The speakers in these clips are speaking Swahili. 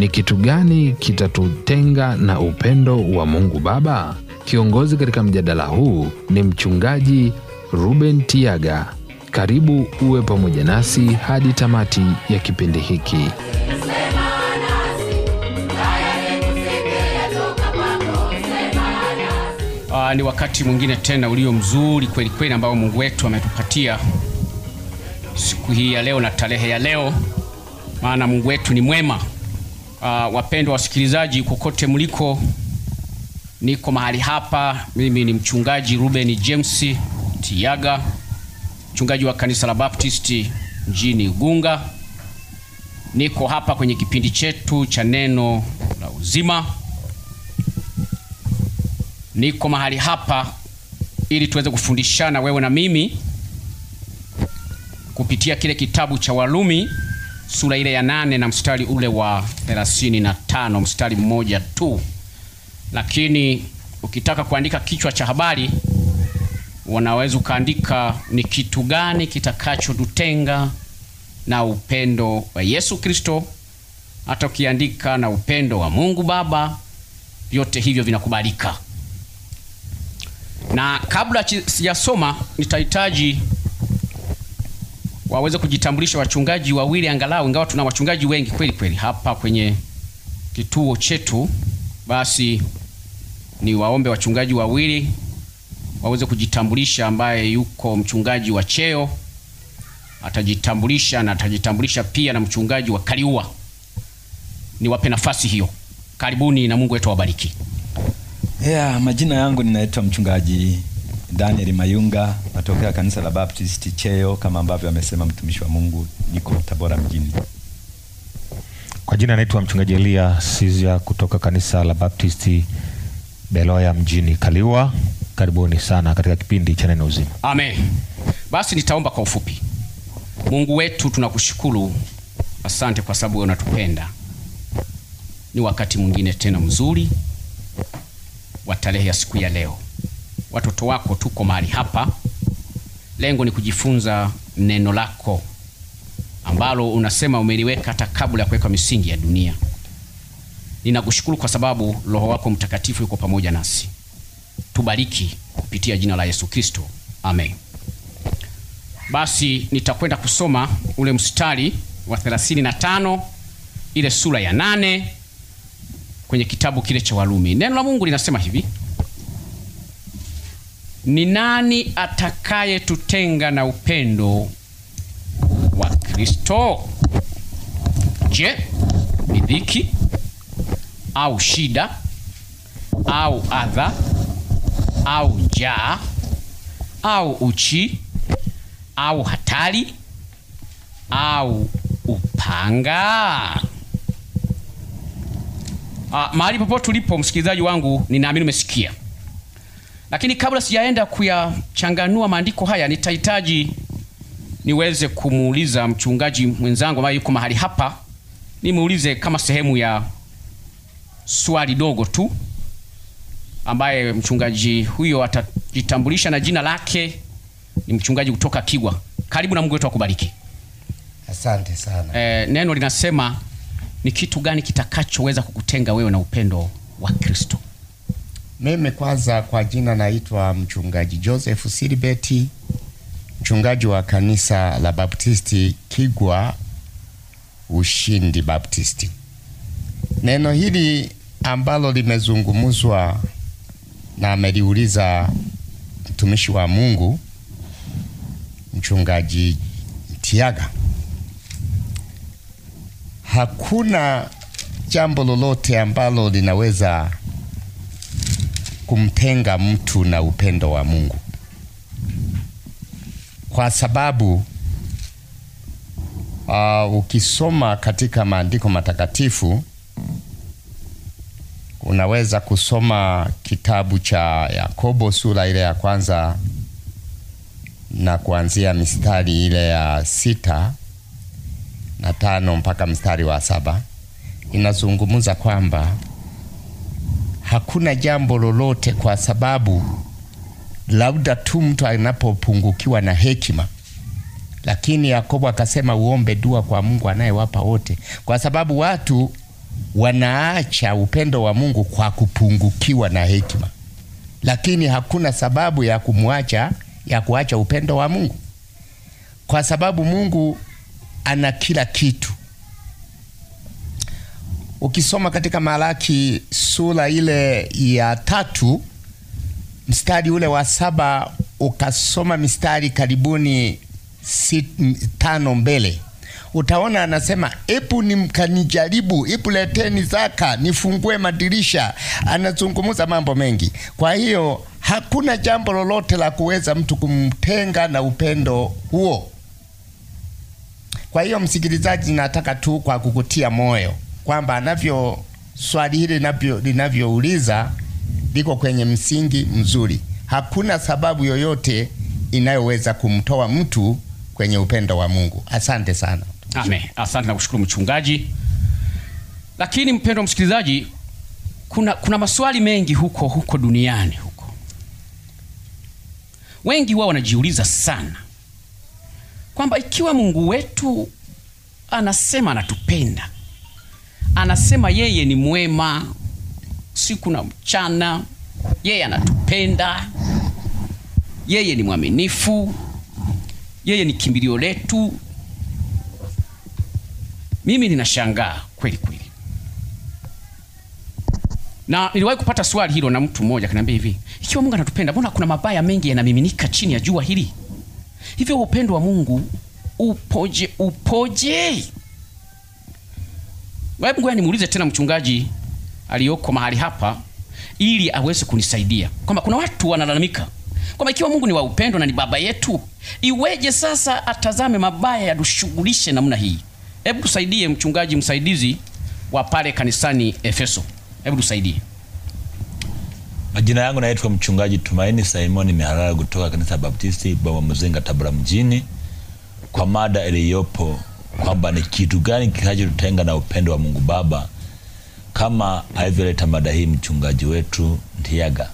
ni kitu gani kitatutenga na upendo wa Mungu Baba? Kiongozi katika mjadala huu ni mchungaji Ruben Tiaga. Karibu uwe pamoja nasi hadi tamati ya kipindi hiki. Uh, ni wakati mwingine tena ulio mzuri kweli kweli ambao Mungu wetu ametupatia siku hii ya leo na tarehe ya leo, maana Mungu wetu ni mwema. Uh, wapendwa wasikilizaji kokote mliko, niko mahali hapa. Mimi ni mchungaji Ruben James Tiaga, mchungaji wa kanisa la Baptisti mjini Igunga. Niko hapa kwenye kipindi chetu cha neno la uzima. Niko mahali hapa ili tuweze kufundishana wewe na mimi kupitia kile kitabu cha Warumi sura ile ya nane na mstari ule wa 35 mstari mmoja tu, lakini ukitaka kuandika kichwa cha habari wanaweza ukaandika ni kitu gani kitakachotutenga na upendo wa Yesu Kristo. Hata ukiandika na upendo wa Mungu Baba, vyote hivyo vinakubalika. Na kabla sijasoma, nitahitaji waweze kujitambulisha wachungaji wawili angalau, ingawa tuna wachungaji wengi kweli kweli hapa kwenye kituo chetu, basi ni waombe wachungaji wawili waweze kujitambulisha. Ambaye yuko mchungaji wa cheo atajitambulisha na atajitambulisha pia na mchungaji wa Kaliua. Niwape nafasi hiyo, karibuni na Mungu wetu awabariki. Yeah, majina yangu ninaitwa mchungaji Daniel Mayunga natokea kanisa la Baptist Cheyo, kama ambavyo amesema mtumishi wa Mungu, niko Tabora mjini. Kwa jina naitwa mchungaji Elia Sizia kutoka kanisa la Baptisti Beloya mjini Kaliwa. Karibuni sana katika kipindi cha neno uzima. Amen. Basi nitaomba kwa ufupi. Mungu wetu tunakushukuru, asante kwa sababu unatupenda. Ni wakati mwingine tena mzuri wa tarehe ya siku ya leo watoto wako, tuko mahali hapa, lengo ni kujifunza neno lako ambalo unasema umeliweka hata kabla ya kuweka misingi ya dunia. Ninakushukuru kwa sababu Roho wako Mtakatifu yuko pamoja nasi. Tubariki kupitia jina la Yesu Kristo, amen. Basi nitakwenda kusoma ule mstari wa 35 ile sura ya nane kwenye kitabu kile cha Warumi. Neno la Mungu linasema hivi: ni nani atakayetutenga na upendo wa Kristo? Je, ni dhiki au shida au adha au njaa au uchi au hatari au upanga? Ah, mahali popote ulipo msikilizaji wangu, ninaamini umesikia lakini kabla sijaenda kuyachanganua maandiko haya, nitahitaji niweze kumuuliza mchungaji mwenzangu ambaye yuko mahali hapa, nimuulize kama sehemu ya swali dogo tu, ambaye mchungaji huyo atajitambulisha na jina lake. Ni mchungaji kutoka Kigwa. Karibu na Mungu wetu akubariki. Asante sana. e, neno linasema ni kitu gani kitakachoweza kukutenga wewe na upendo wa Kristo? Mimi kwanza kwa jina naitwa mchungaji Joseph Silibeti, mchungaji wa kanisa la Baptisti Kigwa Ushindi Baptisti. Neno hili ambalo limezungumzwa na ameliuliza mtumishi wa Mungu mchungaji Tiaga, hakuna jambo lolote ambalo linaweza kumtenga mtu na upendo wa Mungu, kwa sababu uh, ukisoma katika maandiko matakatifu unaweza kusoma kitabu cha Yakobo sura ile ya kwanza na kuanzia mistari ile ya sita na tano mpaka mstari wa saba inazungumza kwamba hakuna jambo lolote, kwa sababu labda tu mtu anapopungukiwa na hekima. Lakini Yakobo akasema uombe dua kwa Mungu anayewapa wote, kwa sababu watu wanaacha upendo wa Mungu kwa kupungukiwa na hekima, lakini hakuna sababu ya kumwacha ya kuacha upendo wa Mungu, kwa sababu Mungu ana kila kitu ukisoma katika Malaki sura ile ya tatu mstari ule wa saba ukasoma mistari karibuni sit, tano mbele utaona anasema epu ni mkanijaribu, epu leteni zaka, nifungue madirisha. Anazungumza mambo mengi. Kwa hiyo hakuna jambo lolote la kuweza mtu kumtenga na upendo huo. Kwa hiyo, msikilizaji, nataka tu kwa kukutia moyo kwamba anavyo swali hili linavyouliza liko kwenye msingi mzuri. Hakuna sababu yoyote inayoweza kumtoa mtu kwenye upendo wa Mungu. Asante sana. Amen. Asante na kushukuru mchungaji. Lakini mpendwa msikilizaji, kuna, kuna maswali mengi huko huko duniani huko, wengi wao wanajiuliza sana kwamba ikiwa Mungu wetu anasema anatupenda anasema yeye ni mwema siku na mchana, yeye anatupenda, yeye ni mwaminifu, yeye ni kimbilio letu. Mimi ninashangaa kweli kweli, na niliwahi kupata swali hilo na mtu mmoja akaniambia hivi, ikiwa Mungu anatupenda, mbona kuna mabaya mengi yanamiminika chini ya jua hili? Hivyo upendo wa Mungu upoje? Upoje? Hebu ngoja nimuulize tena mchungaji aliyoko mahali hapa ili aweze kunisaidia kwamba kuna watu wanalalamika kwamba ikiwa Mungu ni wa upendo na ni baba yetu, iweje sasa atazame mabaya yatushughulishe namna hii? Hebu tusaidie, mchungaji msaidizi wa pale kanisani Efeso, hebu tusaidie. Majina yangu naitwa mchungaji Tumaini Simon Mihalala kutoka kanisa Baptisti Baba Mzinga, Tabora mjini, kwa mada iliyopo kwamba ni kitu gani kinachotutenga na upendo wa Mungu Baba kama alivyoleta mada hii mchungaji wetu Ntiaga.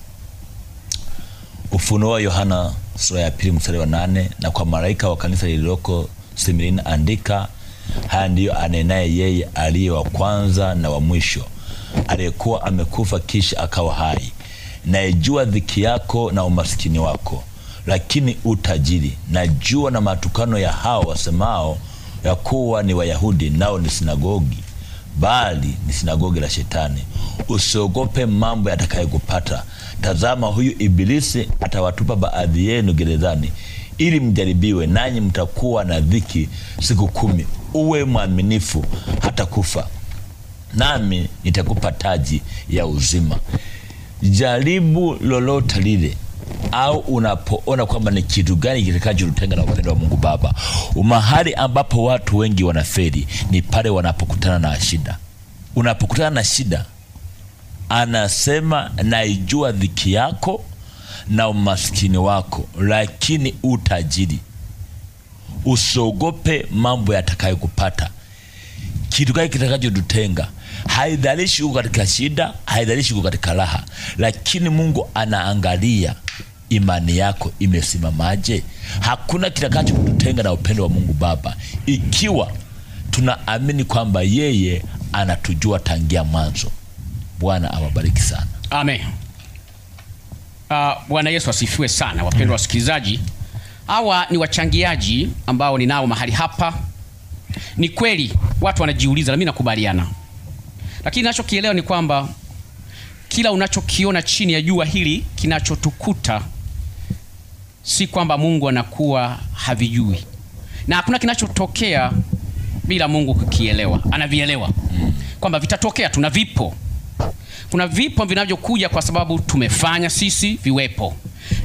Ufunuo wa Yohana sura ya pili mstari wa nane na kwa malaika wa kanisa lililoko Smirna andika, haya ndiyo anenaye yeye aliye wa kwanza na wa mwisho, aliyekuwa amekufa kisha akawa hai. nayejua dhiki yako na umasikini wako, lakini utajiri najua na matukano ya hao wasemao ya kuwa ni Wayahudi nao ni sinagogi, bali ni sinagogi la Shetani. Usiogope mambo yatakayokupata. Tazama, huyu Ibilisi atawatupa baadhi yenu gerezani, ili mjaribiwe, nanyi mtakuwa na dhiki siku kumi. Uwe mwaminifu hata kufa, nami nitakupa taji ya uzima. Jaribu lolote lile au unapoona kwamba ni kitu gani kitakachotenga na upendo wa Mungu Baba. Mahali ambapo watu wengi wanafeli ni pale wanapokutana na shida. Unapokutana na shida, anasema naijua dhiki yako na umaskini wako, lakini utajiri. Usiogope mambo yatakayokupata. Kitu gani kitakachotutenga? Haidhalishi uko katika shida, haidhalishi uko katika raha, lakini Mungu anaangalia imani yako imesimamaje? Hakuna kitakacho kututenga na upendo wa Mungu Baba ikiwa tunaamini kwamba yeye anatujua tangia mwanzo. Bwana awabariki sana, amen. Uh, Bwana Yesu asifiwe sana, wapendwa mm. wasikilizaji. Hawa ni wachangiaji ambao ninao mahali hapa. Ni kweli watu wanajiuliza, na mimi nakubaliana, lakini nachokielewa ni kwamba kila unachokiona chini ya jua hili kinachotukuta si kwamba Mungu anakuwa havijui, na hakuna kinachotokea bila Mungu kukielewa. Anavielewa kwamba vitatokea tu na vipo. Kuna vipo vinavyokuja kwa sababu tumefanya sisi viwepo,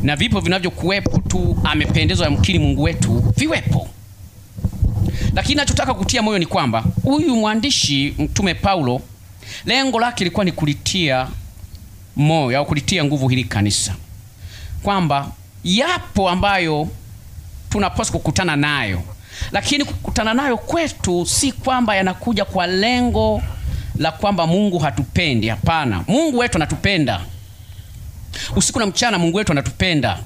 na vipo vinavyokuwepo tu amependezwa yamkini Mungu wetu viwepo. Lakini nachotaka kutia moyo ni kwamba huyu mwandishi Mtume Paulo lengo lake lilikuwa ni kulitia moyo au kulitia nguvu hili kanisa kwamba yapo ambayo tunapaswa kukutana nayo, lakini kukutana nayo kwetu si kwamba yanakuja kwa lengo la kwamba Mungu hatupendi. Hapana, Mungu wetu anatupenda usiku na mchana. Mungu wetu anatupenda,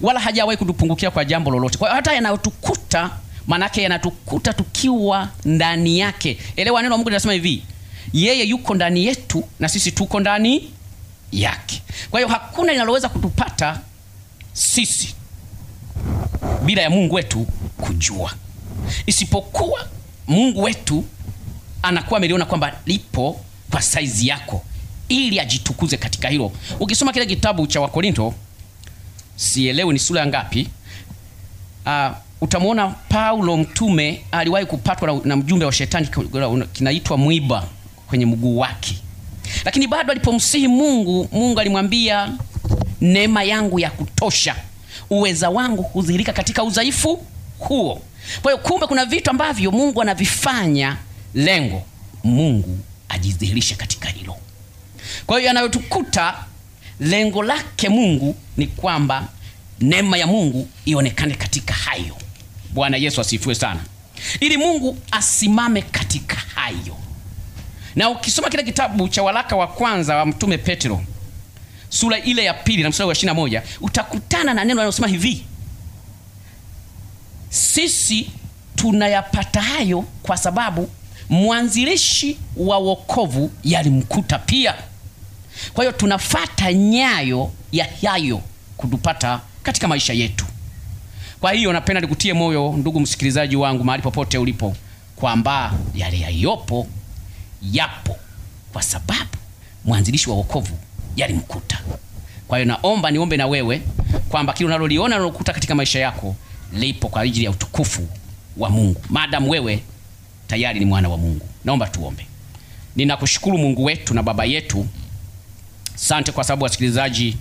wala hajawahi kutupungukia kwa jambo lolote. Kwa hiyo hata yanayotukuta, maanake yanatukuta tukiwa ndani yake. Elewa neno la Mungu linasema hivi, yeye yuko ndani yetu na sisi tuko ndani yake. Kwa hiyo hakuna linaloweza kutupata sisi bila ya Mungu wetu kujua, isipokuwa Mungu wetu anakuwa ameliona kwamba lipo kwa saizi yako, ili ajitukuze katika hilo. Ukisoma kile kitabu cha Wakorinto, sielewi ni sura ngapi, uh, utamwona Paulo mtume aliwahi kupatwa na, na mjumbe wa shetani kinaitwa mwiba kwenye mguu wake, lakini bado alipomsihi Mungu, Mungu alimwambia neema yangu ya kutosha, uweza wangu hudhihirika katika udhaifu huo. Kwa hiyo, kumbe kuna vitu ambavyo Mungu anavifanya, lengo Mungu ajidhihirishe katika hilo. Kwa hiyo, yanayotukuta lengo lake Mungu ni kwamba neema ya Mungu ionekane katika hayo. Bwana Yesu asifiwe sana, ili Mungu asimame katika hayo. Na ukisoma kile kitabu cha waraka wa kwanza wa mtume Petro sura ile ya pili na mstari wa moja utakutana na neno linalosema hivi, sisi tunayapata hayo kwa sababu mwanzilishi wa wokovu yalimkuta pia. Kwa hiyo tunafata nyayo ya hayo kutupata katika maisha yetu. Kwa hiyo napenda nikutie moyo ndugu msikilizaji wangu, mahali popote ulipo, kwamba yale yaliyopo yapo kwa sababu mwanzilishi wa wokovu yalimkuta. Kwa hiyo naomba niombe na wewe kwamba kile unaloliona unalokuta katika maisha yako lipo kwa ajili ya utukufu wa Mungu, maadamu wewe tayari ni mwana wa Mungu. Naomba tuombe. Ninakushukuru Mungu wetu na Baba yetu, sante kwa sababu wasikilizaji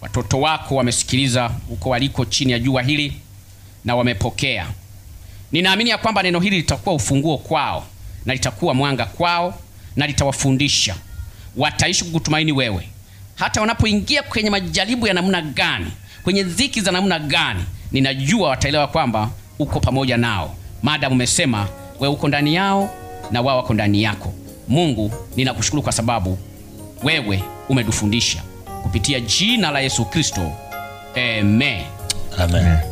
watoto wako wamesikiliza huko waliko chini ya jua hili na wamepokea. Ninaamini ya kwamba neno hili litakuwa ufunguo kwao na litakuwa mwanga kwao na litawafundisha, wataishi kukutumaini wewe hata wanapoingia kwenye majaribu ya namna gani, kwenye dhiki za namna gani, ninajua wataelewa kwamba uko pamoja nao, maadamu umesema we uko ndani yao na wao wako ndani yako. Mungu, ninakushukuru kwa sababu wewe umetufundisha kupitia jina la Yesu Kristo. Amen. Amen.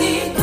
worthy